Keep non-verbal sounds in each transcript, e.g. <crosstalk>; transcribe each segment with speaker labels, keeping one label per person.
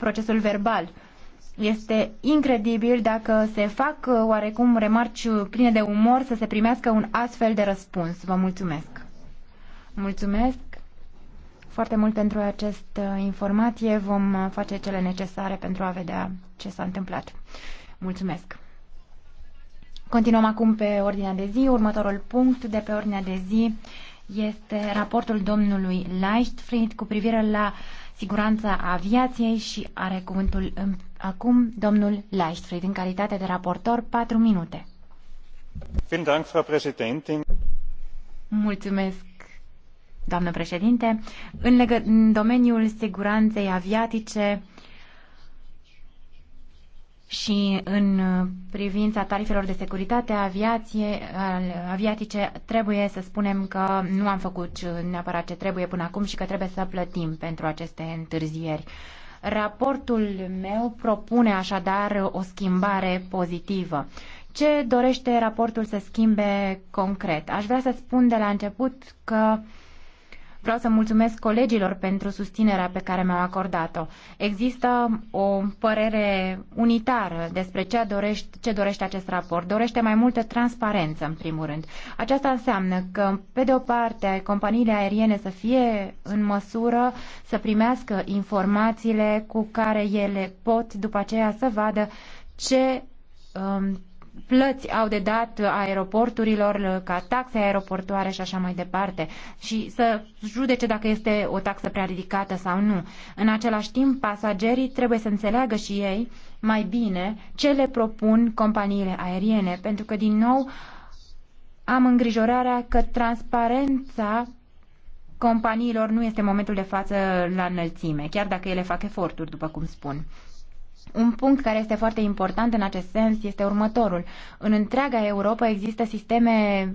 Speaker 1: procesul verbal. Este incredibil dacă se fac uh, oarecum remarci pline de umor să se primească un astfel de răspuns. Vă mulțumesc! Mulțumesc foarte mult pentru această informație. Vom uh, face cele necesare pentru a vedea ce s-a întâmplat. Mulțumesc! Continuăm acum pe ordinea de zi. Următorul punct de pe ordinea de zi este raportul domnului Leichtfried cu privire la uh, siguranța aviației și are cuvântul acum domnul Leichtfried în calitate de raportor 4 minute. Mulțumesc, doamnă președinte. În, legă- în domeniul siguranței aviatice, și în uh, privința tarifelor de securitate aviație, aviatice, trebuie să spunem că nu am făcut uh, neapărat ce trebuie până acum și că trebuie să plătim pentru aceste întârzieri. Raportul meu propune așadar o schimbare pozitivă. Ce dorește raportul să schimbe concret? Aș vrea să spun de la început că uh, Vreau să mulțumesc colegilor pentru susținerea pe care mi-au acordat-o. Există o părere unitară despre ce dorește, ce dorește acest raport. Dorește mai multă transparență, în primul rând. Aceasta înseamnă că, pe de o parte, companiile aeriene să fie în măsură să primească informațiile cu care ele pot după aceea să vadă ce um, plăți au de dat aeroporturilor ca taxe aeroportoare și așa mai departe și să judece dacă este o taxă prea ridicată sau nu. În același timp, pasagerii trebuie să înțeleagă și ei mai bine ce le propun companiile aeriene, pentru că, din nou, am îngrijorarea că transparența companiilor nu este momentul de față la înălțime, chiar dacă ele fac eforturi, după cum spun. Un punct care este foarte important în acest sens este următorul. În întreaga Europa există sisteme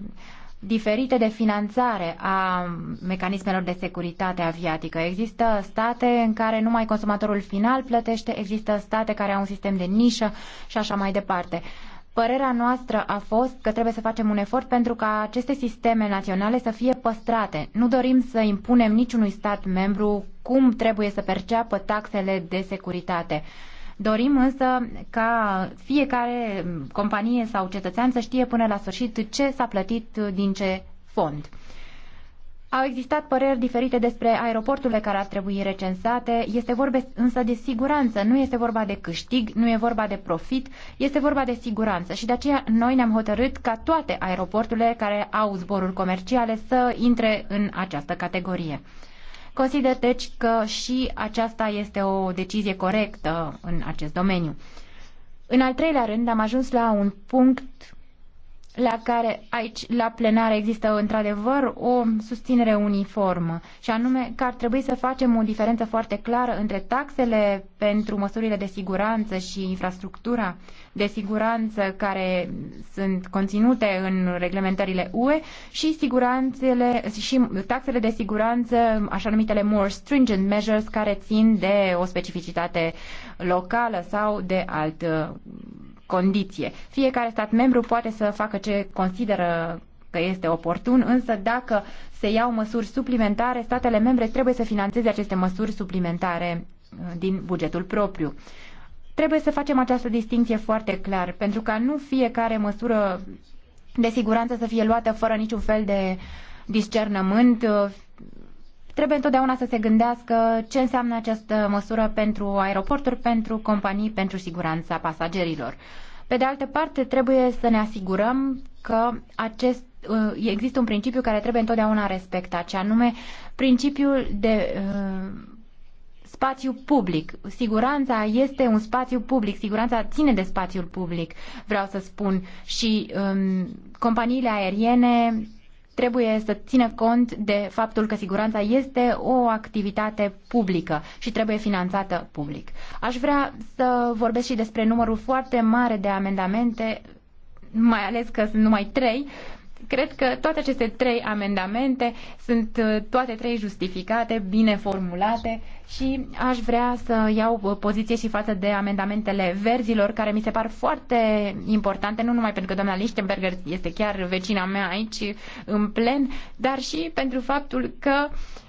Speaker 1: diferite de finanțare a mecanismelor de securitate aviatică. Există state în care numai consumatorul final plătește, există state care au un sistem de nișă și așa mai departe. Părerea noastră a fost că trebuie să facem un efort pentru ca aceste sisteme naționale să fie păstrate. Nu dorim să impunem niciunui stat membru cum trebuie să perceapă taxele de securitate. Dorim însă ca fiecare companie sau cetățean să știe până la sfârșit ce s-a plătit din ce fond. Au existat păreri diferite despre aeroporturile care ar trebui recensate, este vorba însă de siguranță, nu este vorba de câștig, nu e vorba de profit, este vorba de siguranță și de aceea noi ne-am hotărât ca toate aeroporturile care au zboruri comerciale să intre în această categorie. Consider deci că și aceasta este o decizie corectă în acest domeniu. În al treilea rând, am ajuns la un punct la care aici la plenar, există într-adevăr o susținere uniformă și anume că ar trebui să facem o diferență foarte clară între taxele pentru măsurile de siguranță și infrastructura de siguranță care sunt conținute în reglementările UE și siguranțele și taxele de siguranță, așa numitele more stringent measures care țin de o specificitate locală sau de alt condiție. Fiecare stat membru poate să facă ce consideră că este oportun, însă dacă se iau măsuri suplimentare, statele membre trebuie să financeze aceste măsuri suplimentare uh, din bugetul propriu. Trebuie să facem această distinție foarte clar, pentru ca nu fiecare măsură de siguranță să fie luată fără niciun fel de discernământ, uh, Trebuie întotdeauna să se gândească ce înseamnă această măsură pentru aeroporturi, pentru companii, pentru siguranța pasagerilor. Pe de altă parte, trebuie să ne asigurăm că acest, uh, există un principiu care trebuie întotdeauna respectat, și anume principiul de uh, spațiu public. Siguranța este un spațiu public, siguranța ține de spațiul public, vreau să spun, și um, companiile aeriene trebuie să țină cont de faptul că siguranța este o activitate publică și trebuie finanțată public. Aș vrea să vorbesc și despre numărul foarte mare de amendamente, mai ales că sunt numai trei, Cred că toate aceste trei amendamente sunt uh, toate trei justificate, bine formulate și aș vrea să iau uh, poziție și față de amendamentele verzilor, care mi se par foarte importante, nu numai pentru că doamna Lichtenberger este chiar vecina mea aici în plen, dar și pentru faptul că uh,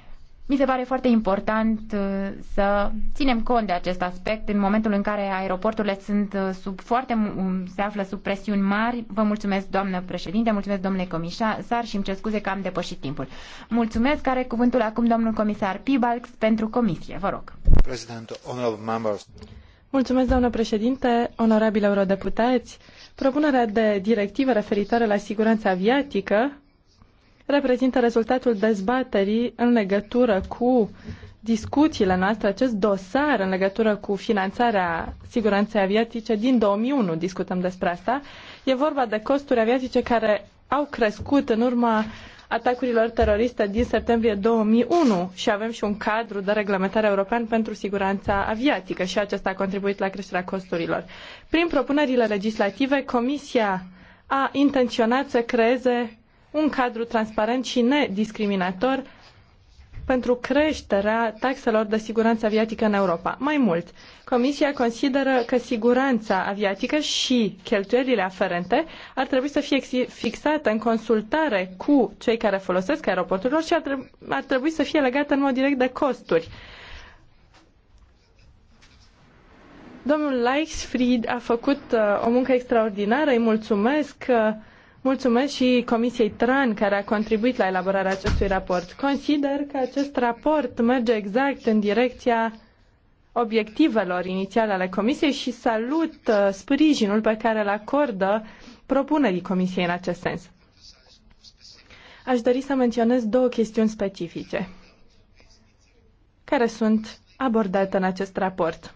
Speaker 1: mi se pare foarte important uh, să ținem cont de acest aspect în momentul în care aeroporturile sunt uh, sub foarte, um, se află sub presiuni mari. Vă mulțumesc, doamnă președinte, mulțumesc, domnule comisar și îmi cer scuze că am depășit timpul. Mulțumesc, care cuvântul acum domnul comisar Pibalx pentru comisie. Vă rog.
Speaker 2: Mulțumesc, doamnă președinte, onorabili eurodeputați. Propunerea de directivă referitoare la siguranța aviatică reprezintă rezultatul dezbaterii în legătură cu discuțiile noastre, acest dosar în legătură cu finanțarea siguranței aviatice din 2001, discutăm despre asta. E vorba de costuri aviatice care au crescut în urma atacurilor teroriste din septembrie 2001 și avem și un cadru de reglementare european pentru siguranța aviatică și acesta a contribuit la creșterea costurilor. Prin propunerile legislative, Comisia a intenționat să creeze un cadru transparent și nediscriminator pentru creșterea taxelor de siguranță aviatică în Europa. Mai mult, Comisia consideră că siguranța aviatică și cheltuielile aferente ar trebui să fie fixate în consultare cu cei care folosesc aeroporturilor și ar, trebui, ar trebui să fie legate în mod direct de costuri. Domnul Leichsfried a făcut uh, o muncă extraordinară, îi mulțumesc. Uh, Mulțumesc și Comisiei TRAN care a contribuit la elaborarea acestui raport. Consider că acest raport merge exact în direcția obiectivelor inițiale ale Comisiei și salut uh, sprijinul pe care îl acordă propunerii Comisiei în acest sens. Aș dori să menționez două chestiuni specifice care sunt abordate în acest raport.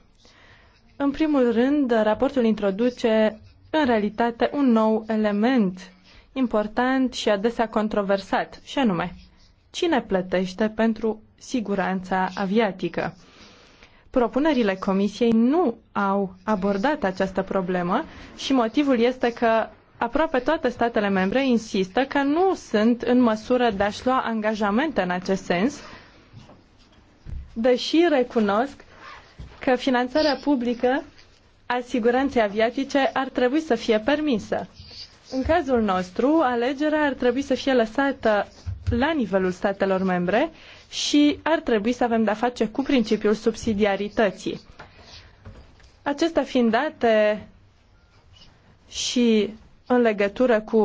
Speaker 2: În primul rând, raportul introduce în realitate un nou element important și adesea controversat, și anume, cine plătește pentru siguranța aviatică? Propunerile Comisiei nu au abordat această problemă și motivul este că aproape toate statele membre insistă că nu sunt în măsură de a-și lua angajamente în acest sens, deși recunosc că finanțarea publică a siguranței aviatice ar trebui să fie permisă. În cazul nostru, alegerea ar trebui să fie lăsată la nivelul statelor membre și ar trebui să avem de-a face cu principiul subsidiarității. Acestea fiind date și în legătură cu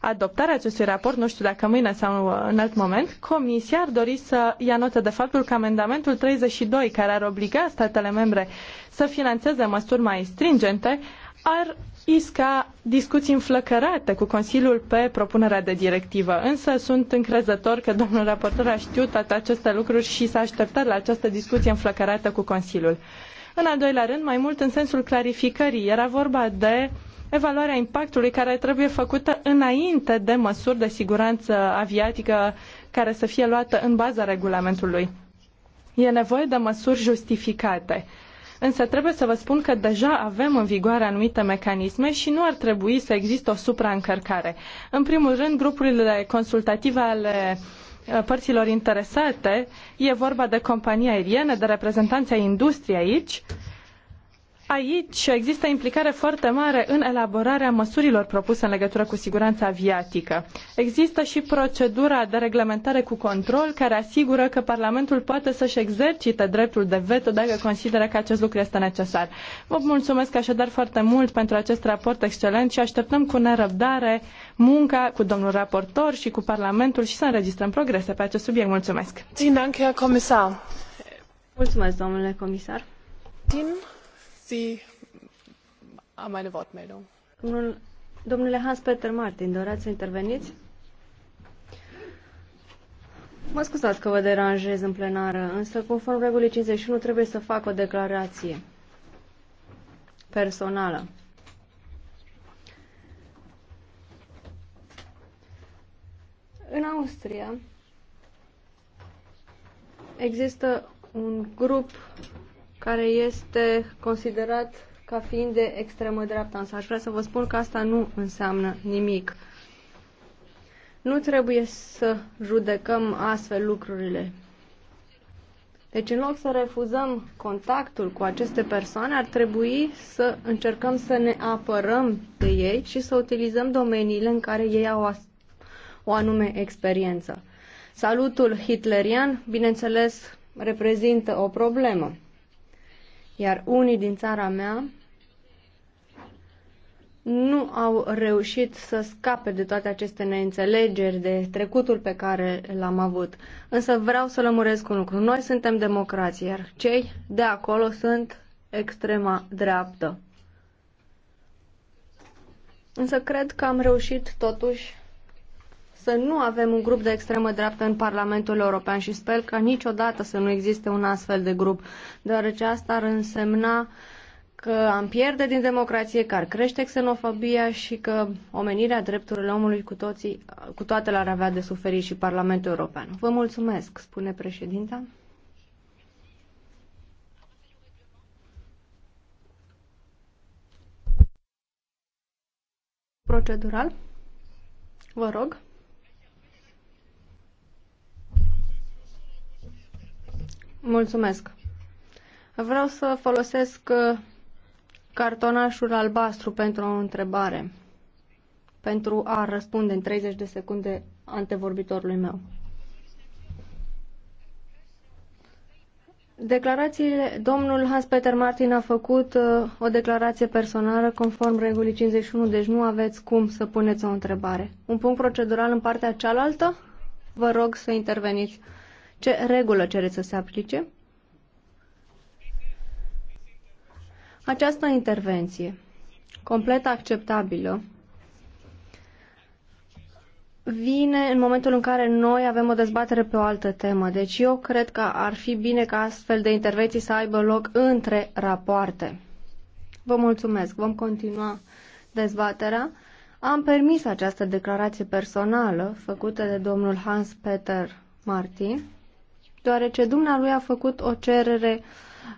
Speaker 2: adoptarea acestui raport, nu știu dacă mâine sau în alt moment, Comisia ar dori să ia notă de faptul că amendamentul 32, care ar obliga statele membre să financeze măsuri mai stringente, ar isca discuții înflăcărate cu Consiliul pe propunerea de directivă, însă sunt încrezător că domnul raportor a știut toate aceste lucruri și s-a așteptat la această discuție înflăcărată cu Consiliul. În al doilea rând, mai mult în sensul clarificării, era vorba de evaluarea impactului care trebuie făcută înainte de măsuri de siguranță aviatică care să fie luată în baza regulamentului. E nevoie de măsuri justificate însă trebuie să vă spun că deja avem în vigoare anumite mecanisme și nu ar trebui să existe o supraîncărcare. În primul rând, grupurile consultative ale uh, părților interesate, e vorba de companii aeriene, de reprezentanții industriei aici, aici există implicare foarte mare în elaborarea măsurilor propuse în legătură cu siguranța aviatică. Există și procedura de reglementare cu control care asigură că Parlamentul poate să-și exercite dreptul de veto dacă consideră că acest lucru este necesar. Vă mulțumesc așadar foarte mult pentru acest raport excelent și așteptăm cu nerăbdare munca cu domnul raportor și cu Parlamentul și să înregistrăm progrese pe acest subiect. Mulțumesc!
Speaker 3: Mulțumesc, domnule comisar! Din domnule Hans-Peter Martin, doreați să interveniți? Mă scuzați că vă deranjez în plenară, însă conform regulii 51 trebuie să fac o declarație personală. În Austria există un grup care este considerat ca fiind de extremă dreapta, însă aș vrea să vă spun că asta nu înseamnă nimic. Nu trebuie să judecăm astfel lucrurile. Deci, în loc să refuzăm contactul cu aceste persoane, ar trebui să încercăm să ne apărăm de ei și să utilizăm domeniile în care ei au o anume experiență. Salutul hitlerian, bineînțeles, reprezintă o problemă. Iar unii din țara mea nu au reușit să scape de toate aceste neînțelegeri, de trecutul pe care l-am avut. Însă vreau să lămuresc un lucru. Noi suntem democrații, iar cei de acolo sunt extrema dreaptă. Însă cred că am reușit totuși să nu avem un grup de extremă dreaptă în Parlamentul European și sper ca niciodată să nu existe un astfel de grup, deoarece asta ar însemna că am pierde din democrație, că ar crește xenofobia și că omenirea drepturilor omului cu, toții, cu toate l-ar avea de suferit și Parlamentul European. Vă mulțumesc, spune președinta. Procedural? Vă rog. Mulțumesc. Vreau să folosesc uh, cartonașul albastru pentru o întrebare, pentru a răspunde în 30 de secunde antevorbitorului meu. Declarațiile, domnul Hans-Peter Martin a făcut uh, o declarație personală conform regulii 51, deci nu aveți cum să puneți o întrebare. Un punct procedural în partea cealaltă? Vă rog să interveniți. Ce regulă cere să se aplice? Această intervenție, complet acceptabilă, vine în momentul în care noi avem o dezbatere pe o altă temă. Deci eu cred că ar fi bine ca astfel de intervenții să aibă loc între rapoarte. Vă mulțumesc. Vom continua dezbaterea. Am permis această declarație personală făcută de domnul Hans Peter Martin deoarece dumnealui a făcut o cerere uh,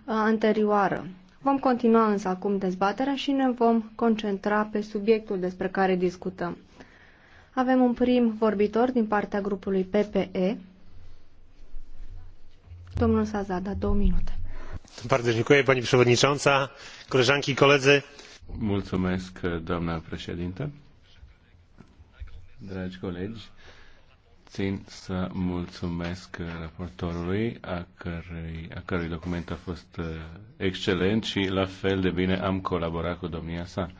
Speaker 3: anterioară. Vom continua însă acum dezbaterea și ne vom concentra pe subiectul despre care discutăm. Avem un prim vorbitor din partea grupului PPE. Domnul Sazada, două minute.
Speaker 4: Bardzo dziękuję pani przewodnicząca, koleżanki i koledzy. Mulțumesc, doamna președinte. Dragi colegi, puțin să mulțumesc raportorului, a cărui, a cărui document a fost uh, excelent și la fel de bine am colaborat cu domnia sa.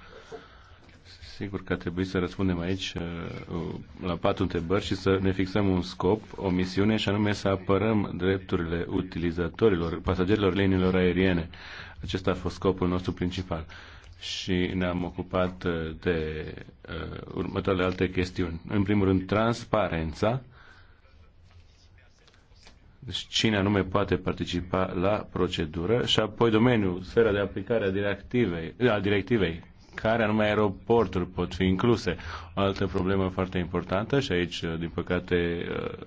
Speaker 4: Sigur că trebuie să răspundem aici uh, la patru întrebări și să ne fixăm un scop, o misiune, și anume să apărăm drepturile utilizatorilor, pasagerilor liniilor aeriene. Acesta a fost scopul nostru principal și ne-am ocupat uh, de uh, următoarele alte chestiuni. În primul rând, transparența. Deci cine anume poate participa la procedură și apoi domeniul, sfera de aplicare a directivei, a directivei care anume aeroporturi pot fi incluse. O altă problemă foarte importantă și aici, uh, din păcate, uh,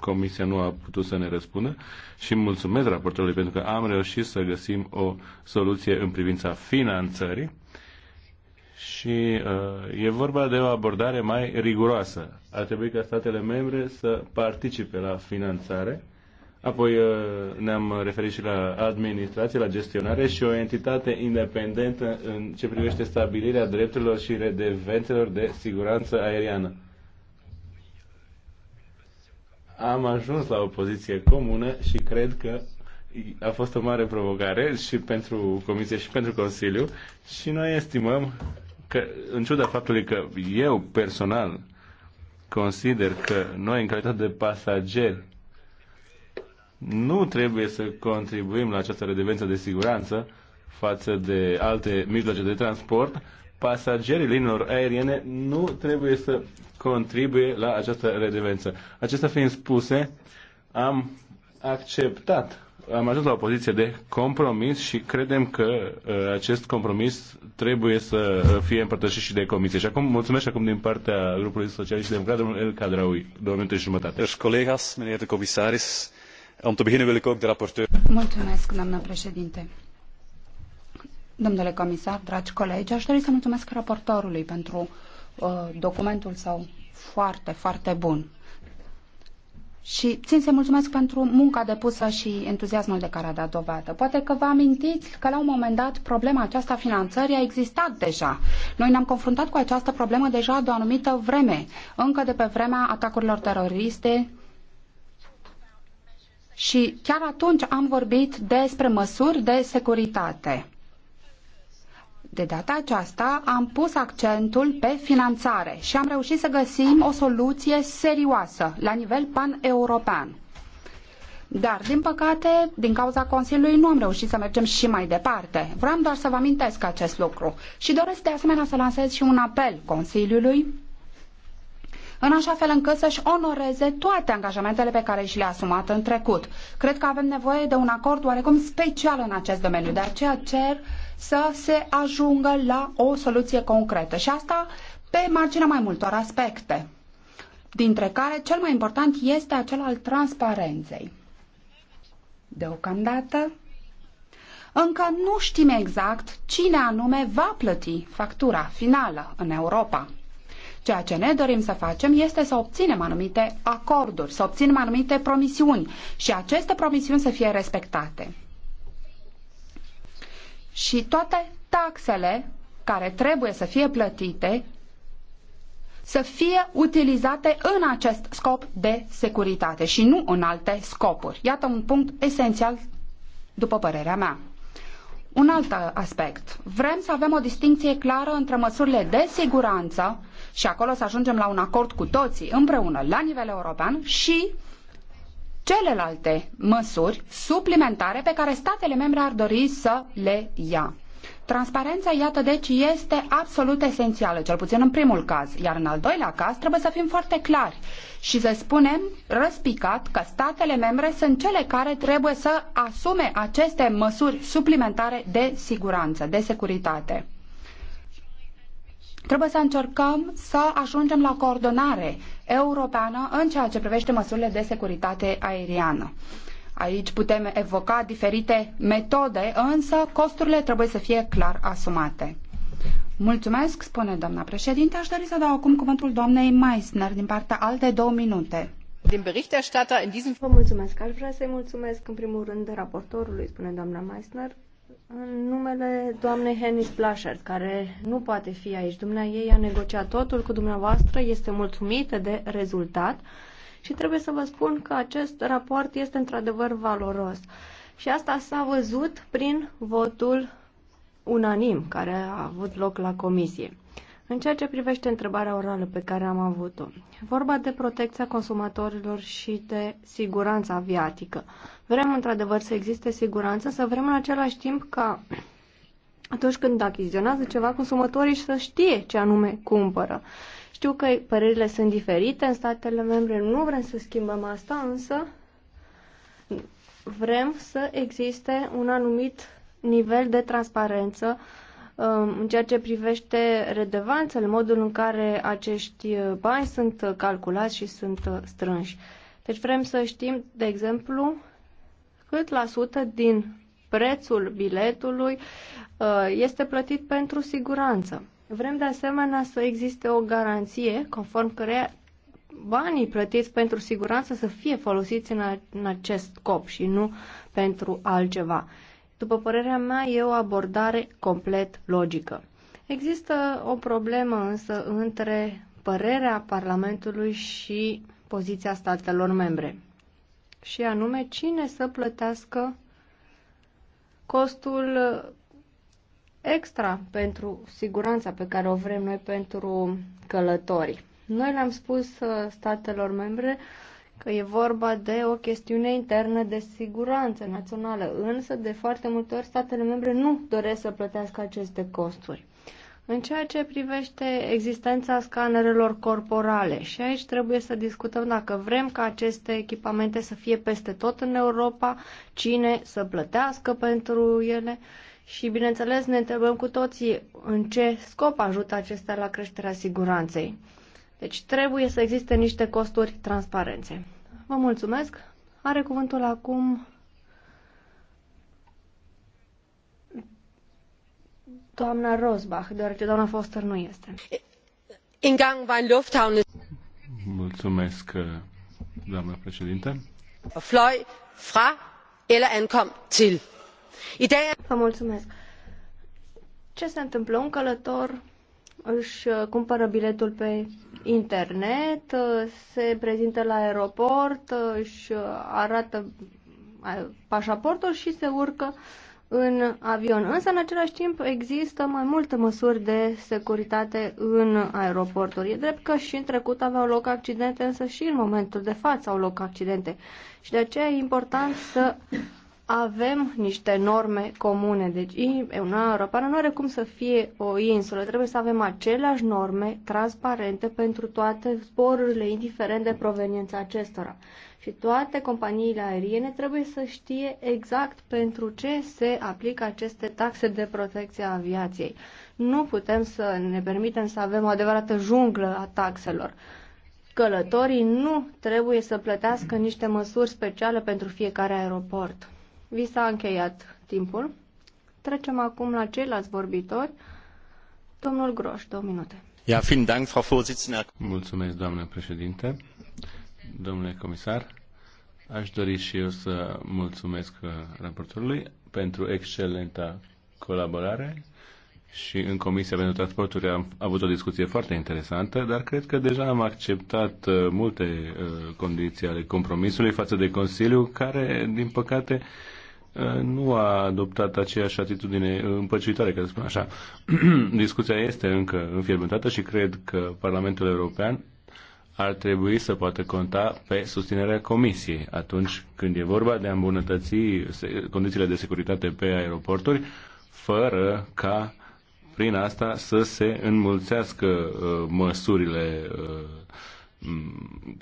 Speaker 4: Comisia nu a putut să ne răspundă și mulțumesc raportorului pentru că am reușit să găsim o soluție în privința finanțării și uh, e vorba de o abordare mai riguroasă. Ar trebui ca statele membre să participe la finanțare, apoi uh, ne-am referit și la administrație, la gestionare și o entitate independentă în ce privește stabilirea drepturilor și redevențelor de siguranță aeriană am ajuns la o poziție comună și cred că a fost o mare provocare și pentru Comisie și pentru Consiliu și noi estimăm că, în ciuda faptului că eu personal consider că noi, în calitate de pasageri, nu trebuie să contribuim la această redevență de siguranță față de alte mijloace de transport, pasagerii linilor aeriene nu trebuie să contribuie la această redevență. Acestea fiind spuse, am acceptat, am ajuns la o poziție de compromis și credem că uh, acest compromis trebuie să fie împărtășit și de comisie. Și acum mulțumesc și acum din partea grupului socialist și democrat, domnul El Cadraui, două minute și jumătate. Colegas,
Speaker 5: meneer de comisaris, am te begine, wil ik ook de rapporteur. Mulțumesc, doamna președinte. Domnule comisar, dragi colegi, aș dori să mulțumesc raportorului pentru uh, documentul său foarte, foarte bun. Și țin să mulțumesc pentru munca depusă și entuziasmul de care a dat dovadă. Poate că vă amintiți că la un moment dat problema aceasta a finanțării a existat deja. Noi ne-am confruntat cu această problemă deja de o anumită vreme, încă de pe vremea atacurilor teroriste și chiar atunci am vorbit despre măsuri de securitate. De data aceasta am pus accentul pe finanțare și am reușit să găsim o soluție serioasă la nivel pan-european. Dar, din păcate, din cauza Consiliului nu am reușit să mergem și mai departe. Vreau doar să vă amintesc acest lucru și doresc de asemenea să lansez și un apel Consiliului în așa fel încât să-și onoreze toate angajamentele pe care și le-a asumat în trecut. Cred că avem nevoie de un acord oarecum special în acest domeniu, de aceea cer să se ajungă la o soluție concretă și asta pe marginea mai multor aspecte, dintre care cel mai important este acel al transparenței. Deocamdată, încă nu știm exact cine anume va plăti factura finală în Europa. Ceea ce ne dorim să facem este să obținem anumite acorduri, să obținem anumite promisiuni și aceste promisiuni să fie respectate și toate taxele care trebuie să fie plătite să fie utilizate în acest scop de securitate și nu în alte scopuri. Iată un punct esențial, după părerea mea. Un alt aspect. Vrem să avem o distinție clară între măsurile de siguranță și acolo să ajungem la un acord cu toții împreună la nivel european și celelalte măsuri suplimentare pe care statele membre ar dori să le ia. Transparența, iată deci, este absolut esențială, cel puțin în primul caz, iar în al doilea caz trebuie să fim foarte clari și să spunem răspicat că statele membre sunt cele care trebuie să asume aceste măsuri suplimentare de siguranță, de securitate. Trebuie să încercăm să ajungem la coordonare europeană în ceea ce privește măsurile de securitate aeriană. Aici putem evoca diferite metode, însă costurile trebuie să fie clar asumate. Mulțumesc, spune doamna președinte. Aș dori să dau acum cuvântul doamnei Meissner din partea alte două minute. Din berichterstatter
Speaker 3: în diesem Vă mulțumesc. Aș vrea să-i mulțumesc în primul rând raportorului, spune doamna Meissner, în numele doamnei Henis Blasher, care nu poate fi aici, dumnea ei a negociat totul cu dumneavoastră, este mulțumită de rezultat și trebuie să vă spun că acest raport este într-adevăr valoros. Și asta s-a văzut prin votul unanim care a avut loc la comisie. În ceea ce privește întrebarea orală pe care am avut-o, vorba de protecția consumatorilor și de siguranța aviatică. Vrem într-adevăr să existe siguranță, să vrem în același timp ca atunci când achiziționează ceva, consumatorii să știe ce anume cumpără. Știu că părerile sunt diferite în statele membre, nu vrem să schimbăm asta, însă vrem să existe un anumit nivel de transparență um, în ceea ce privește redevanțele, modul în care acești bani sunt calculați și sunt uh, strânși. Deci vrem să știm, de exemplu, cât la sută din prețul biletului uh, este plătit pentru siguranță. Vrem de asemenea să existe o garanție conform căreia banii plătiți pentru siguranță să fie folosiți în, acest scop și nu pentru altceva. După părerea mea, e o abordare complet logică. Există o problemă însă între părerea Parlamentului și poziția statelor membre și anume cine să plătească costul extra pentru siguranța pe care o vrem noi pentru călători. Noi le-am spus uh, statelor membre că e vorba de o chestiune internă de siguranță națională, însă de foarte multe ori statele membre nu doresc să plătească aceste costuri. În ceea ce privește existența scanerelor corporale, și aici trebuie să discutăm dacă vrem ca aceste echipamente să fie peste tot în Europa, cine să plătească pentru ele și, bineînțeles, ne întrebăm cu toții în ce scop ajută acestea la creșterea siguranței. Deci trebuie să existe niște costuri transparențe. Vă mulțumesc! Are cuvântul acum doamna Rosbach, deoarece doamna Foster nu este. In gang war Lufthavn.
Speaker 4: Mulțumesc, doamna președinte.
Speaker 3: Floi fra eller ankom til. Ideea... Er- Vă mulțumesc. Ce se întâmplă? Un călător își uh, cumpără biletul pe internet, uh, se prezintă la aeroport, uh, își arată pașaportul și se urcă în avion. Însă, în același timp, există mai multe măsuri de securitate în aeroporturi. E drept că și în trecut aveau loc accidente, însă și în momentul de față au loc accidente. Și de aceea e important să avem niște norme comune. Deci Uniunea Europeană nu are cum să fie o insulă. Trebuie să avem aceleași norme transparente pentru toate zborurile, indiferent de proveniența acestora. Și toate companiile aeriene trebuie să știe exact pentru ce se aplică aceste taxe de protecție a aviației. Nu putem să ne permitem să avem o adevărată junglă a taxelor călătorii nu trebuie să plătească niște măsuri speciale pentru fiecare aeroport. Vi s-a încheiat timpul. Trecem acum la ceilalți vorbitori. Domnul Groș, două minute.
Speaker 4: Ja, vielen Dank, Frau Vorsitzende. Mulțumesc, doamnă președinte. Domnule comisar, aș dori și eu să mulțumesc uh, raportorului pentru excelenta colaborare și în Comisia pentru Transporturi am avut o discuție foarte interesantă, dar cred că deja am acceptat uh, multe uh, condiții ale compromisului față de Consiliu, care, din păcate, nu a adoptat aceeași atitudine împăcitoare, ca să spun așa. <clears throat> Discuția este încă înfierbântată și cred că Parlamentul European ar trebui să poată conta pe susținerea Comisiei atunci când e vorba de a îmbunătăți condițiile de securitate pe aeroporturi, fără ca prin asta să se înmulțească uh, măsurile uh,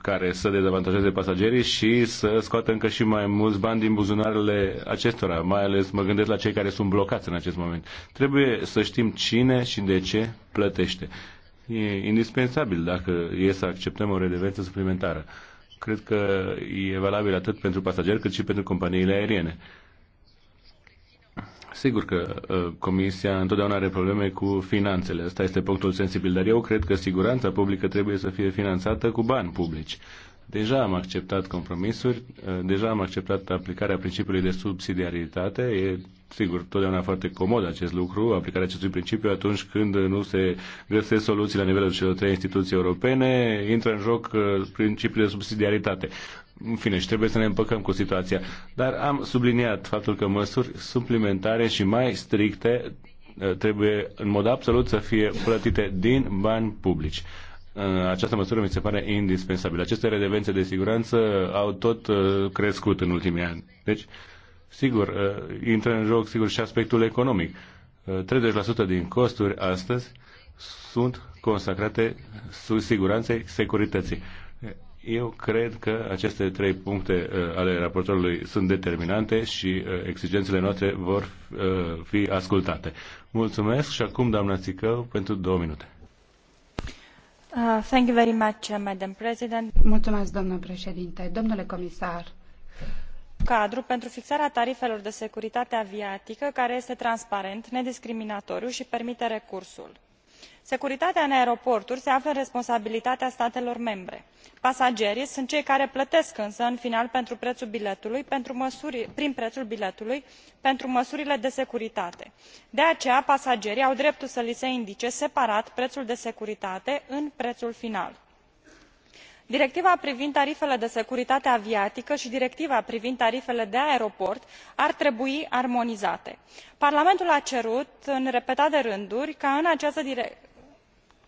Speaker 4: care să dezavantajeze pasagerii și să scoată încă și mai mulți bani din buzunarele acestora, mai ales mă gândesc la cei care sunt blocați în acest moment. Trebuie să știm cine și de ce plătește. E indispensabil dacă e să acceptăm o redevență suplimentară. Cred că e valabil atât pentru pasageri cât și pentru companiile aeriene. Sigur că uh, Comisia întotdeauna are probleme cu finanțele. Asta este punctul sensibil, dar eu cred că siguranța publică trebuie să fie finanțată cu bani publici. Deja am acceptat compromisuri, uh, deja am acceptat aplicarea principiului de subsidiaritate. E, sigur, totdeauna foarte comod acest lucru, aplicarea acestui principiu atunci când nu se găsesc soluții la nivelul celor trei instituții europene, intră în joc uh, principiul de subsidiaritate în fine, și trebuie să ne împăcăm cu situația. Dar am subliniat faptul că măsuri suplimentare și mai stricte uh, trebuie în mod absolut să fie plătite din bani publici. Uh, această măsură mi se pare indispensabilă. Aceste redevențe de siguranță au tot uh, crescut în ultimii ani. Deci, sigur, intră în joc, sigur, și aspectul economic. 30% din costuri astăzi sunt consacrate siguranței securității. Eu cred că aceste trei puncte uh, ale raportorului sunt determinante și uh, exigențele noastre vor uh, fi ascultate. Mulțumesc și acum, doamna Țicău, pentru două minute.
Speaker 5: Uh, thank you very much, uh, Madam President. Mulțumesc, doamnă președinte. Domnule comisar,
Speaker 6: cadru pentru fixarea tarifelor de securitate aviatică care este transparent nediscriminatoriu și permite recursul securitatea în aeroporturi se află în responsabilitatea statelor membre pasagerii sunt cei care plătesc însă în final prin preul biletului pentru măsurile de securitate de aceea pasagerii au dreptul să li se indice separat preul de securitate în preul final directiva privind tarifele de securitate aviatică i directiva privind tarifele de aeroport ar trebui armonizate. parlamentul a cerut în repetate rânduri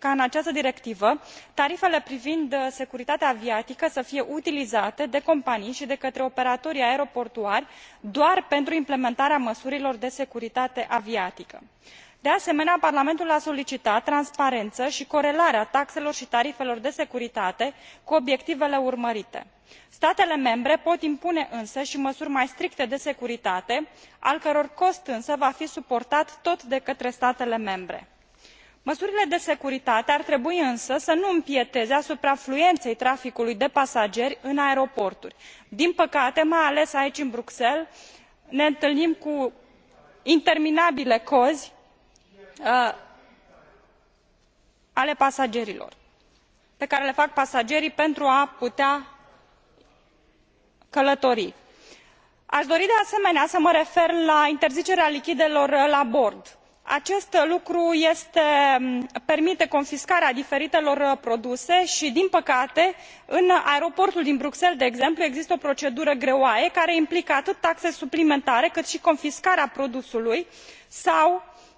Speaker 6: ca în această directivă tarifele privind uh, securitatea aviatică să fie utilizate de companii i de către operatorii aeroportuari doar pentru implementarea măsurilor de securitate aviatică de asemenea parlamentul a solicitat transparenă i corelarea taxelor i tarifelor de securitate cu obiectivele urmărite. statele membre pot impune însă i măsuri mai stricte de securitate al căror cost însă va fi suportat tot de către statele membre. măsurile de securitate ar trebui însă să nu impieteze asupra fluenei traficului de pasageri în aeroporturi. din păcate mai ales aici în bruxelles ne întâlnim cu interminabile cozi Uh, ale pasagerilor pe care le fac pasagerii pentru a putea călători. a dori de asemenea să mă refer la interzicerea lichidelor la bord. acest lucru permite confiscarea diferitelor produse i din păcate în aeroportul din bruxelles de exemplu există o procedură greoaie care implică atât taxe suplimentare cât i confiscarea produsului sau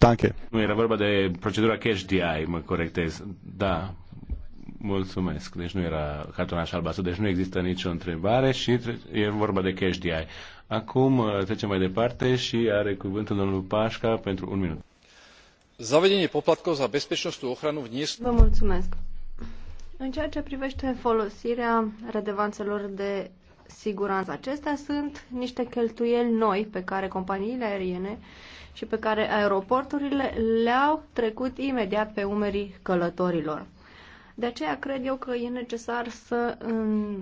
Speaker 4: Danke. Nu, era vorba de procedura cash DI, mă corectez. Da, mulțumesc. Deci nu era cartonaș albastru, deci nu există nicio întrebare și e vorba de cash DI. Acum uh, trecem mai departe și are cuvântul domnul Pașca pentru un minut. Zavedenie poplatkov za bezpečnostnú ochranu v
Speaker 6: Vă
Speaker 3: mulțumesc. În ceea ce privește folosirea redevanțelor de siguranță, acestea sunt niște cheltuieli noi pe care companiile aeriene și pe care aeroporturile le-au trecut imediat pe umerii călătorilor. De aceea cred eu că e necesar să, în,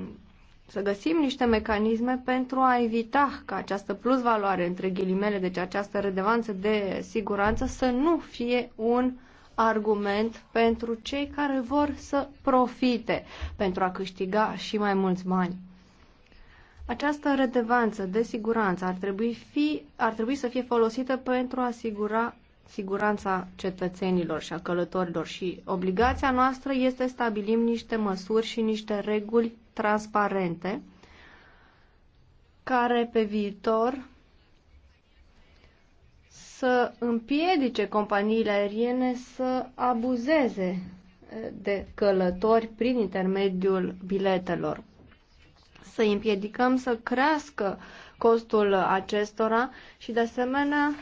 Speaker 3: să găsim niște mecanisme pentru a evita ca această plusvaloare, între ghilimele, deci această redevanță de siguranță, să nu fie un argument pentru cei care vor să profite pentru a câștiga și mai mulți bani. Această redevanță de siguranță ar trebui, fi, ar trebui să fie folosită pentru a asigura siguranța cetățenilor și a călătorilor și obligația noastră este să stabilim niște măsuri și niște reguli transparente care pe viitor să împiedice companiile aeriene să abuzeze de călători prin intermediul biletelor să împiedicăm să crească costul acestora și, de asemenea,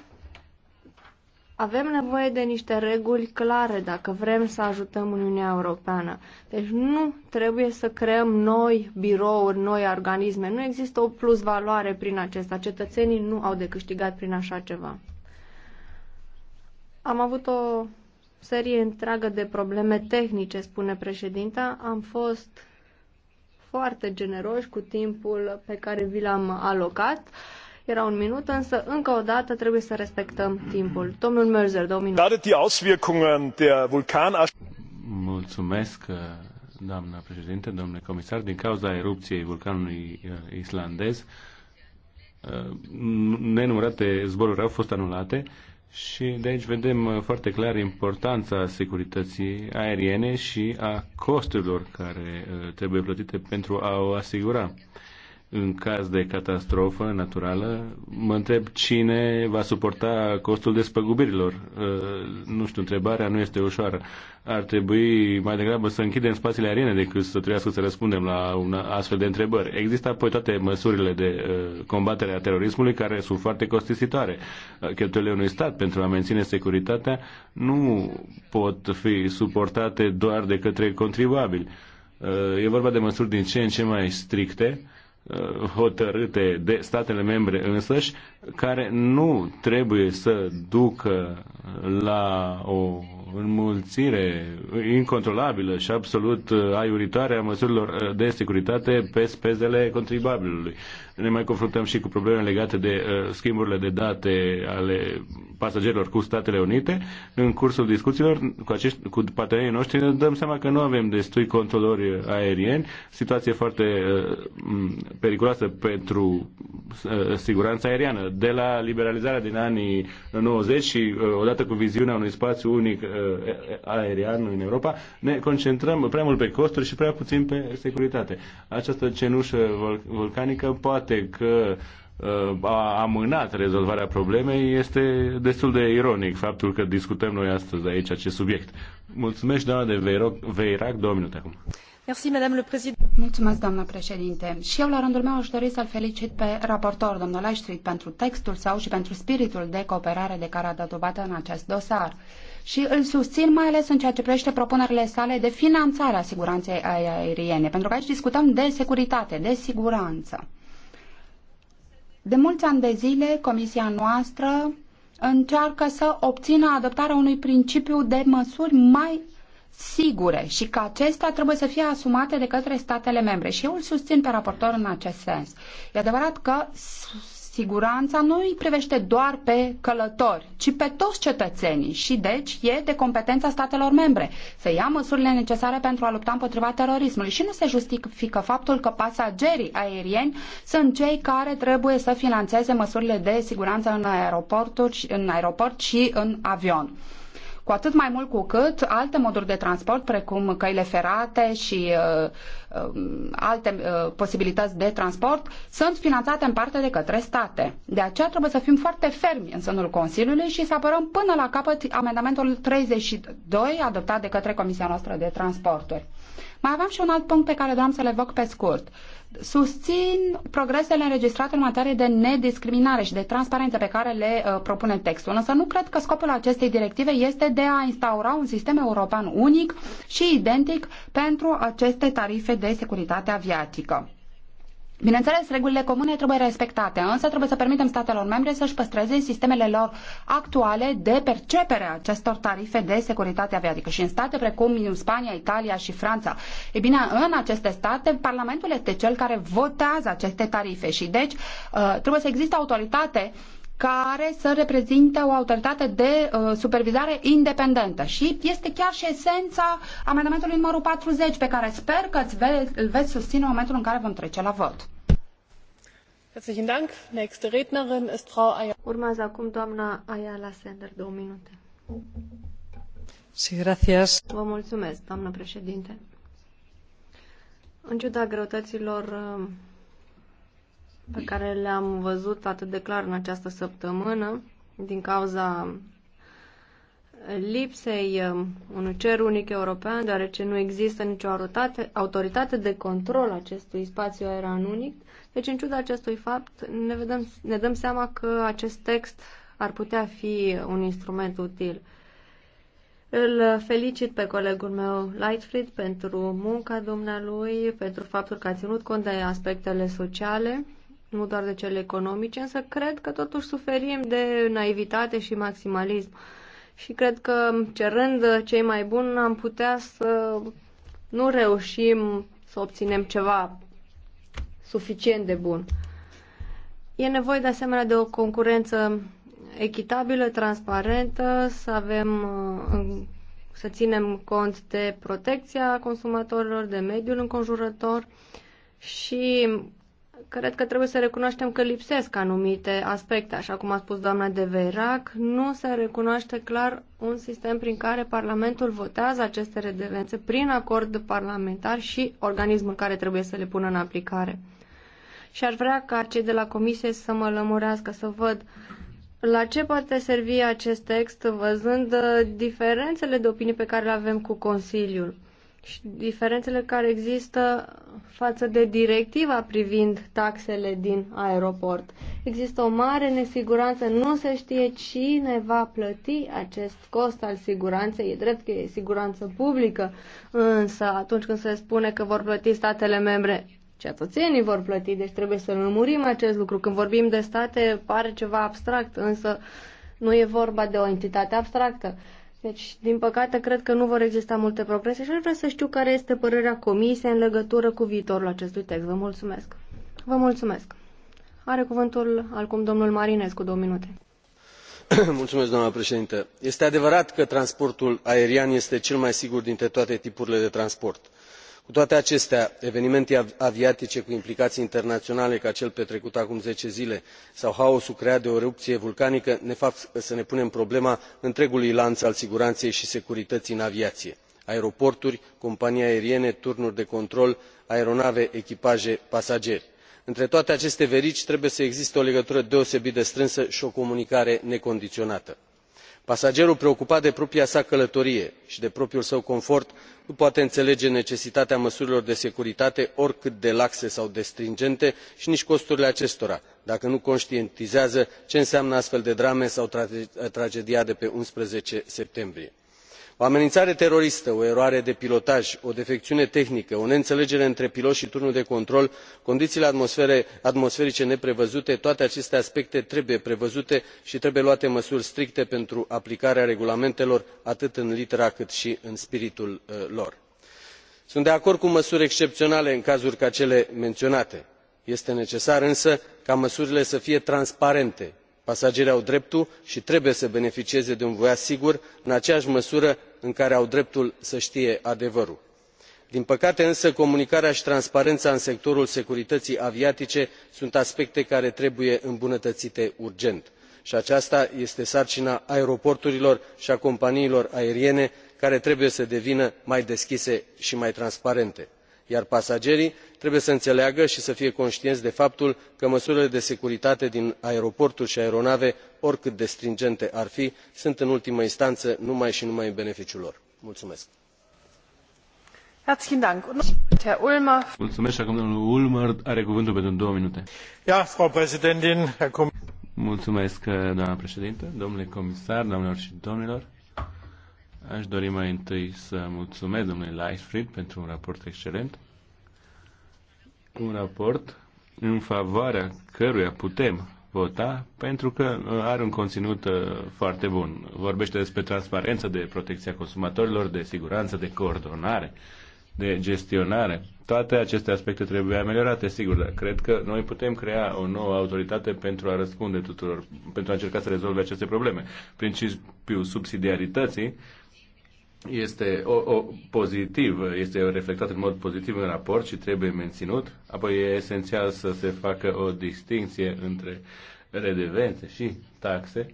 Speaker 3: avem nevoie de niște reguli clare dacă vrem să ajutăm Uniunea Europeană. Deci nu trebuie să creăm noi birouri, noi organisme. Nu există o plus valoare prin acesta. Cetățenii nu au de câștigat prin așa ceva. Am avut o serie întreagă de probleme tehnice, spune președinta. Am fost foarte generoși cu timpul pe care vi l-am alocat. Era un minut, însă încă o dată trebuie să respectăm timpul. Domnul Mölzer, două minute.
Speaker 4: Mulțumesc, doamna președinte, domnule comisar. Din cauza erupției vulcanului uh, islandez, uh, nenumărate zboruri au fost anulate și de aici vedem uh, foarte clar importanța securității aeriene și a costurilor care uh, trebuie plătite pentru a o asigura în caz de catastrofă naturală, mă întreb cine va suporta costul despăgubirilor. Uh, nu știu, întrebarea nu este ușoară. Ar trebui mai degrabă să închidem spațiile aeriene decât să trebuiască să răspundem la un astfel de întrebări. Există apoi toate măsurile de uh, combatere a terorismului care sunt foarte costisitoare. Uh, cheltuielile unui stat pentru a menține securitatea nu pot fi suportate doar de către contribuabili. E vorba de măsuri din ce în ce mai stricte Uh, hotărâte de statele membre însăși, care nu trebuie să ducă la o înmulțire incontrolabilă și absolut uh, aiuritoare a măsurilor uh, de securitate pe spezele contribuabilului. Ne mai confruntăm și cu probleme legate de uh, schimburile de date ale pasagerilor cu Statele Unite. În cursul discuțiilor cu, acești, cu partenerii noștri ne dăm seama că nu avem destui controlori aerieni, situație foarte periculoasă pentru siguranța aeriană. De la liberalizarea din anii 90 și odată cu viziunea unui spațiu unic Uh, aerian în Europa, ne concentrăm prea mult pe costuri și prea puțin pe securitate. Această cenușă vulcanică poate că uh, a amânat rezolvarea problemei, este destul de ironic faptul că discutăm noi astăzi aici acest subiect. Mulțumesc, doamna de Veirac, Veirac două minute acum.
Speaker 5: Mulțumesc, doamna președinte. Și eu, la rândul meu, aș dori să-l felicit pe raportor, domnul Leichfried, pentru textul său și pentru spiritul de cooperare de care a dat dovadă în acest dosar și îl susțin mai ales în ceea ce privește propunerile sale de finanțare a siguranței aeriene, pentru că aici discutăm de securitate, de siguranță. De mulți ani de zile, comisia noastră încearcă să obțină adoptarea unui principiu de măsuri mai sigure și că acestea trebuie să fie asumate de către statele membre. Și eu îl susțin pe raportor în acest sens. E adevărat că siguranța nu îi privește doar pe călători, ci pe toți cetățenii și deci e de competența statelor membre să ia măsurile necesare pentru a lupta împotriva terorismului și nu se justifică faptul că pasagerii aerieni sunt cei care trebuie să financeze măsurile de siguranță în, aeroporturi, în aeroport și în avion cu atât mai mult cu cât alte moduri de transport, precum căile ferate și uh, uh, alte uh, posibilități de transport, sunt finanțate în parte de către state. De aceea trebuie să fim foarte fermi în sânul Consiliului și să apărăm până la capăt amendamentul 32 adoptat de către Comisia noastră de Transporturi. Mai aveam și un alt punct pe care doam să le văd pe scurt susțin progresele înregistrate în materie de nediscriminare și de transparență pe care le uh, propune textul. Însă nu cred că scopul acestei directive este de a instaura un sistem european unic și identic pentru aceste tarife de securitate aviatică. Bineînțeles, regulile comune trebuie respectate, însă trebuie să permitem statelor membre să-și păstreze sistemele lor actuale de percepere a acestor tarife de securitate aviatică. Și în state precum Spania, Italia și Franța, e bine, în aceste state, Parlamentul este cel care votează aceste tarife și deci uh, trebuie să existe autoritate care să reprezinte o autoritate de uh, supervizare independentă. Și este chiar și esența amendamentului numărul 40, pe care sper că îl veți susține în momentul în care vom trece la vot.
Speaker 3: Urmează acum doamna Ayala Sender, două minute. Vă mulțumesc, doamnă președinte. În ciuda greutăților uh, pe care le-am văzut atât de clar în această săptămână, din cauza lipsei uh, unui cer unic european, deoarece nu există nicio autoritate de control acestui spațiu aeran unic, deci, în ciuda acestui fapt, ne, vedem, ne dăm seama că acest text ar putea fi un instrument util. Îl felicit pe colegul meu Lightfried pentru munca dumnealui, pentru faptul că a ținut cont de aspectele sociale, nu doar de cele economice, însă cred că totuși suferim de naivitate și maximalism. Și cred că cerând cei mai buni am putea să nu reușim să obținem ceva suficient de bun. E nevoie de asemenea de o concurență echitabilă, transparentă, să avem uh, să ținem cont de protecția consumatorilor, de mediul înconjurător și cred că trebuie să recunoaștem că lipsesc anumite aspecte, așa cum a spus doamna de Veirac, nu se recunoaște clar un sistem prin care Parlamentul votează aceste redevențe prin acord parlamentar și organismul care trebuie să le pună în aplicare și aș vrea ca cei de la comisie să mă lămurească, să văd la ce poate servi acest text văzând uh, diferențele de opinie pe care le avem cu Consiliul și diferențele care există față de directiva privind taxele din aeroport. Există o mare nesiguranță, nu se știe cine va plăti acest cost al siguranței. E drept că e siguranță publică, însă atunci când se spune că vor plăti statele membre, cetățenii vor plăti, deci trebuie să lămurim acest lucru. Când vorbim de state, pare ceva abstract, însă nu e vorba de o entitate abstractă. Deci, din păcate, cred că nu vor exista multe progrese și aș vrea să știu care este părerea comisiei în legătură cu viitorul acestui text. Vă mulțumesc. Vă mulțumesc. Are cuvântul acum domnul Marinescu, două minute.
Speaker 7: <clears throat> Mulțumesc, doamna președinte. Este adevărat că transportul aerian este cel mai sigur dintre toate tipurile de transport cu toate acestea evenimente aviatice cu implicaii internaionale ca cel petrecut acum zece zile sau haosul creat de o erupie vulcanică ne fac să ne punem problema întregului lan al siguranei i securităii în aviaie aeroporturi companii aeriene turnuri de control aeronave echipaje pasageri. între toate aceste verigi trebuie să existe o legătură deosebit de strânsă i o comunicare necondiionată pasagerul preocupat de propria sa călătorie i de propriul său confort nu poate înelege necesitatea măsurilor de securitate oricât de laxe sau de stringente i nici costurile acestora dacă nu contientizează ce înseamnă astfel de drame sau tragedia de pe unsprezece septembrie o amenințare teroristă o eroare de pilotaj o defecțiune tehnică o neînțelegere între pilot și turnul de control condiiile atmosferice neprevăzute toate aceste aspecte trebuie prevăzute și trebuie luate măsuri stricte pentru aplicarea regulamentelor atât în litera cât și în spiritul uh, lor. sunt de acord cu măsuri excepționale în cazuri ca cele menționate este necesar însă ca măsurile să fie transparente pasagerii au dreptul i trebuie să beneficieze de un voiaj sigur în aceeai măsură în care au dreptul să tie adevărul. din păcate însă comunicarea i transparena în sectorul securităii aviatice sunt aspecte care trebuie îmbunătăite urgent i aceasta este sarcina aeroporturilor i a companiilor aeriene care trebuie să devină mai deschise i mai transparente iar pasagerii trebuie să îneleagă i să fie contieni de faptul că măsurile de securitate din aeroporturi i aeronave oricât de stringente ar fi sunt în ultimă instană numai i numai în beneficiul lor. Mulțumesc,
Speaker 4: președintă, domnule comisar, domnilor. Aș dori mai întâi să mulțumesc domnului Leifried pentru un raport excelent. Un raport în favoarea căruia putem vota pentru că uh, are un conținut uh, foarte bun. Vorbește despre transparență, de protecția consumatorilor, de siguranță, de coordonare, de gestionare. Toate aceste aspecte trebuie ameliorate, sigur, dar cred că noi putem crea o nouă autoritate pentru a răspunde tuturor, pentru a încerca să rezolve aceste probleme. Principiul subsidiarității este o, o, pozitiv, este reflectat în mod pozitiv în raport și trebuie menținut. Apoi e esențial să se facă o distinție între redevențe și taxe,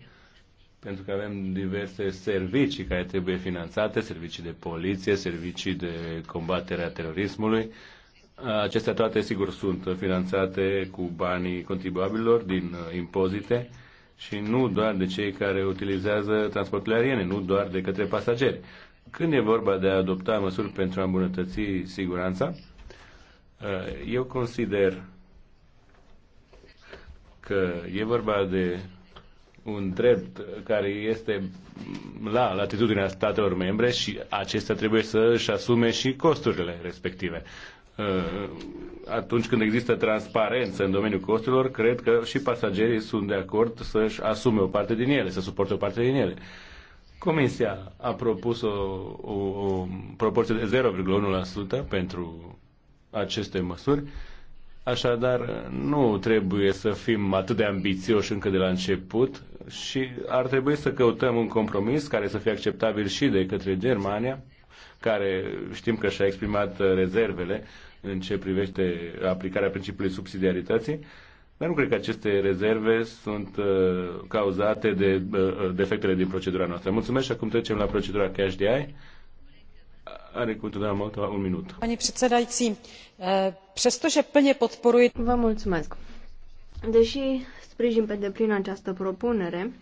Speaker 4: pentru că avem diverse servicii care trebuie finanțate, servicii de poliție, servicii de combatere a terorismului. Acestea toate, sigur, sunt finanțate cu banii contribuabililor din uh, impozite și nu doar de cei care utilizează transportul aeriene, nu doar de către pasageri. Când e vorba de a adopta măsuri pentru a îmbunătăți siguranța, eh, eu consider că e vorba de un drept care este la latitudinea statelor membre și acesta trebuie să își asume și costurile respective. Eh, atunci când există transparență în domeniul costurilor, cred că și pasagerii sunt de acord să își asume o parte din ele, să suporte o parte din ele. Comisia a propus o, o, o proporție de 0,1% pentru aceste măsuri, așadar nu trebuie să fim atât de ambițioși încă de la început și ar trebui să căutăm un compromis care să fie acceptabil și de către Germania, care știm că și-a exprimat rezervele în ce privește aplicarea principiului subsidiarității, dar nu cred că aceste rezerve sunt uh, cauzate de uh, uh, defectele din procedura noastră. Mulțumesc și acum trecem la procedura Cash DI. Are cuvântul doamna Motova, un minut.
Speaker 6: Pani předsedající,
Speaker 3: eh, přestože plně podporui... Vă mulțumesc. Deși sprijin pe deplin această propunere,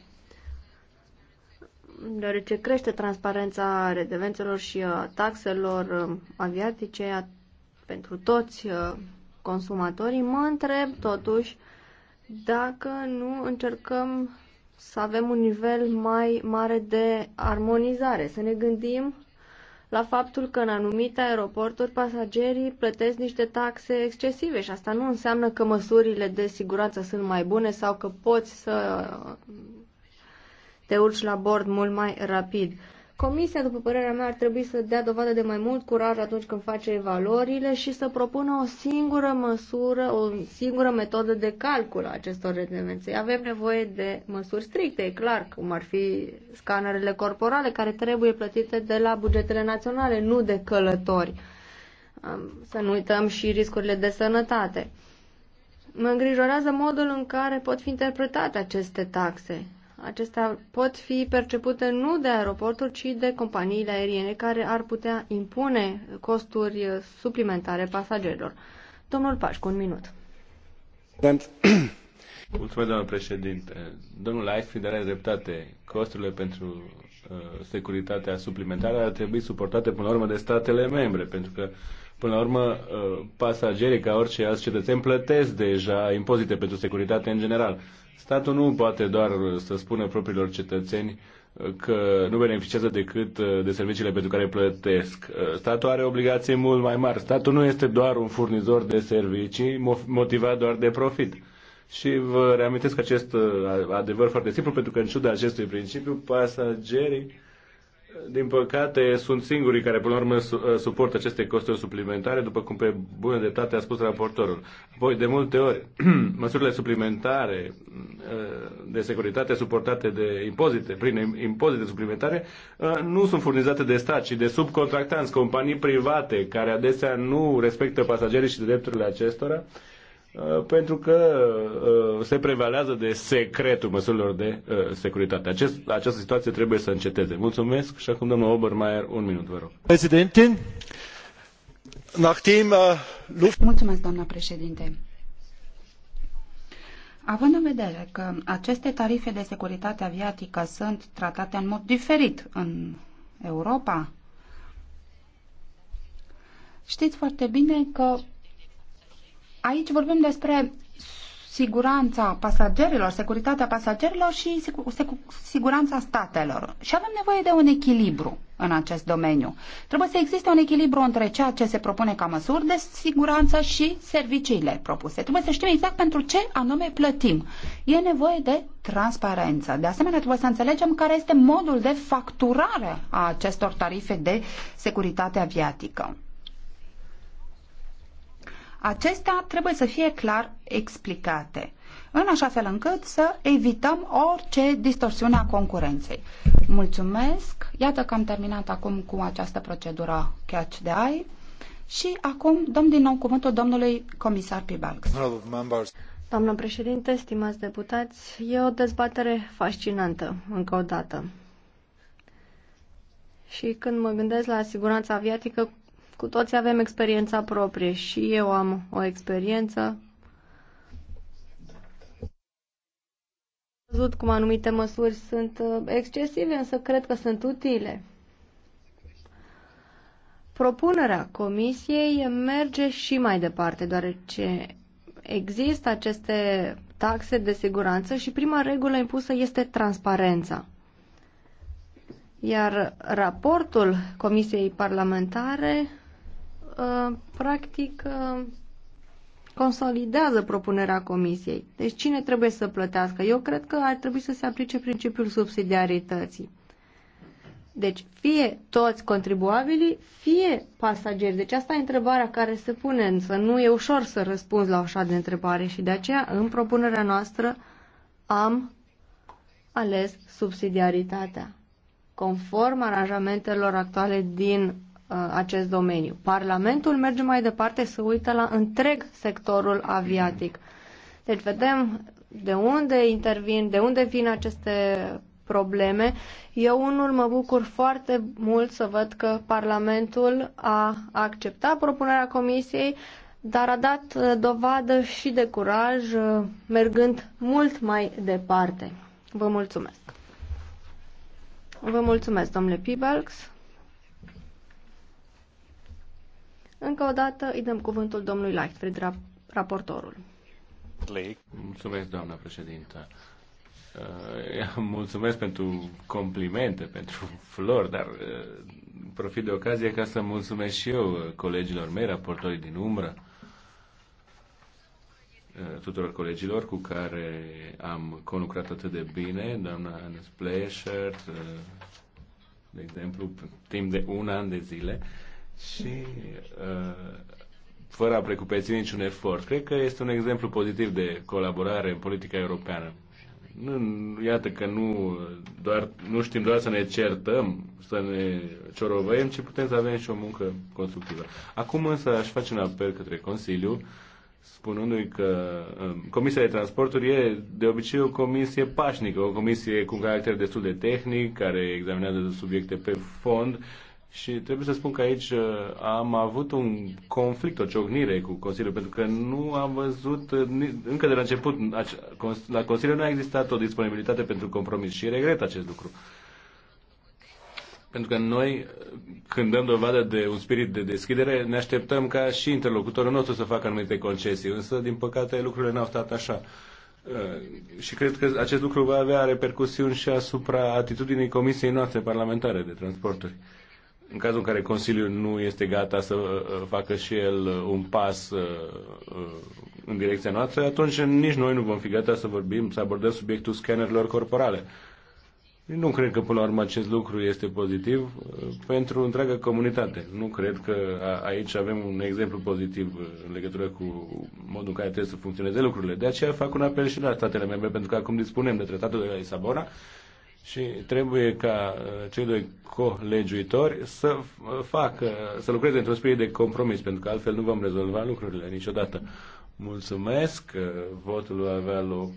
Speaker 3: deoarece crește transparența redevențelor și taxelor eh, aviatice pentru toți eh, consumatorii, mă întreb totuși dacă nu încercăm să avem un nivel mai mare de armonizare, să ne gândim la faptul că în anumite aeroporturi pasagerii plătesc niște taxe excesive și asta nu înseamnă că măsurile de siguranță sunt mai bune sau că poți să te urci la bord mult mai rapid. Comisia, după părerea mea, ar trebui să dea dovadă de mai mult curaj atunci când face evaluările și să propună o singură măsură, o singură metodă de calcul a acestor redevențe. Avem nevoie de măsuri stricte, e clar, cum ar fi scanerele corporale care trebuie plătite de la bugetele naționale, nu de călători. Să nu uităm și riscurile de sănătate. Mă îngrijorează modul în care pot fi interpretate aceste taxe acestea pot fi percepute nu de aeroportul, ci de companiile aeriene care ar putea impune costuri suplimentare pasagerilor. Domnul Pașcu, un minut.
Speaker 4: Mulțumesc, doamnă președinte. Domnul Leifrid are dreptate. Costurile pentru uh, securitatea suplimentară ar trebui suportate până la urmă de statele membre, pentru că Până la urmă, uh, pasagerii, ca orice alți cetățeni, plătesc deja impozite pentru securitate în general. Statul nu poate doar să spună propriilor cetățeni uh, că nu beneficiază decât uh, de serviciile pentru care plătesc. Uh, statul are obligații mult mai mari. Statul nu este doar un furnizor de servicii motivat doar de profit. Și vă reamintesc acest adevăr foarte simplu, pentru că în ciuda acestui principiu, pasagerii din păcate, sunt singurii care, până la urmă, uh, suportă aceste costuri suplimentare, după cum pe bună dreptate a spus raportorul. Apoi, de multe ori, <clears throat> măsurile suplimentare uh, de securitate suportate de impozite, prin impozite suplimentare, uh, nu sunt furnizate de stat, ci de subcontractanți, companii private, care adesea nu respectă pasagerii și drepturile acestora Uh, pentru că uh, se prevalează de secretul măsurilor de uh, securitate. Acest, această situație trebuie să înceteze. Mulțumesc și acum domnul Obermeier, un minut, vă rog. Președinte,
Speaker 5: Nachtim, uh, Mulțumesc, doamna președinte. Având în vedere că aceste tarife de securitate aviatică sunt tratate în mod diferit în Europa, știți foarte bine că Aici vorbim despre siguranța pasagerilor, securitatea pasagerilor și siguranța statelor. Și avem nevoie de un echilibru în acest domeniu. Trebuie să existe un echilibru între ceea ce se propune ca măsuri de siguranță și serviciile propuse. Trebuie să știm exact pentru ce anume plătim. E nevoie de transparență. De asemenea, trebuie să înțelegem care este modul de facturare a acestor tarife de securitate aviatică. Acestea trebuie să fie clar explicate, în așa fel încât să evităm orice distorsiune a concurenței. Mulțumesc! Iată că am terminat acum cu această procedură catch de ai și acum dăm din nou cuvântul domnului comisar Pibalx. Doamnă președinte, stimați
Speaker 3: deputați, e o dezbatere fascinantă, încă o dată. Și când mă gândesc la siguranța aviatică, cu toți avem experiența proprie și eu am o experiență. Am văzut cum anumite măsuri sunt uh, excesive, însă cred că sunt utile. Propunerea comisiei merge și mai departe, deoarece există aceste taxe de siguranță și prima regulă impusă este transparența. Iar raportul Comisiei Parlamentare Uh, practic uh, consolidează propunerea comisiei. Deci cine trebuie să plătească? Eu cred că ar trebui să se aplice principiul subsidiarității. Deci fie toți contribuabilii, fie pasageri. Deci asta e întrebarea care se pune, însă nu e ușor să răspunzi la așa de întrebare și de aceea în propunerea noastră am ales subsidiaritatea. Conform aranjamentelor actuale din Uh, acest domeniu. Parlamentul merge mai departe să uită la întreg sectorul aviatic. Deci vedem de unde intervin, de unde vin aceste probleme. Eu unul mă bucur foarte mult să văd că Parlamentul a acceptat propunerea Comisiei, dar a dat uh, dovadă și de curaj, uh, mergând mult mai departe. Vă mulțumesc! Vă mulțumesc, domnule Pibalks. Încă o dată îi dăm cuvântul domnului Leichtfried, rap- raportorul.
Speaker 4: Mulțumesc, doamna președintă. Uh, <laughs> mulțumesc pentru complimente, pentru flori, dar uh, profit de ocazie ca să mulțumesc și eu uh, colegilor mei, raportorii din umbră, tuturor colegilor cu care am conlucrat atât de bine, doamna Anne splasher, de exemplu, timp de un an de zile și uh, fără a precupeți niciun efort. Cred că este un exemplu pozitiv de colaborare în politica europeană. Nu, iată că nu, doar, nu știm doar să ne certăm, să ne ciorovăim, ci putem să avem și o muncă constructivă. Acum însă aș face un apel către Consiliu, spunându-i că um, Comisia de Transporturi e de obicei o comisie pașnică, o comisie cu un caracter destul de tehnic, care examinează subiecte pe fond și trebuie să spun că aici uh, am avut un conflict, o ciocnire cu Consiliul, pentru că nu am văzut, uh, încă de la început, la Consiliu nu a existat o disponibilitate pentru compromis și regret acest lucru. Pentru că noi, când dăm dovadă de un spirit de deschidere, ne așteptăm ca și interlocutorul nostru să facă anumite concesii, însă, din păcate, lucrurile n-au stat așa. Uh, și cred că acest lucru va avea repercusiuni și asupra atitudinii Comisiei noastre parlamentare de transporturi în cazul în care Consiliul nu este gata să uh, uh, facă și el uh, un pas în direcția noastră, atunci nici noi nu vom fi gata să vorbim, să abordăm subiectul scannerilor corporale. Deci nu cred că, până la urmă, acest lucru este pozitiv pentru întreaga comunitate. Nu cred că aici avem un exemplu pozitiv în legătură cu modul în care trebuie să funcționeze lucrurile. De aceea fac un apel și la statele membre, pentru că acum dispunem de tratatul de la Lisabona și trebuie ca uh, cei doi colegiuitori să uh, facă, să lucreze într-un spirit de compromis, pentru că altfel nu vom rezolva lucrurile niciodată. Mulțumesc. Uh, votul va avea loc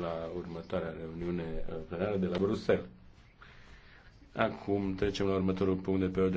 Speaker 4: la următoarea reuniune plenară de la Bruxelles. Acum trecem la următorul punct de pe ordine.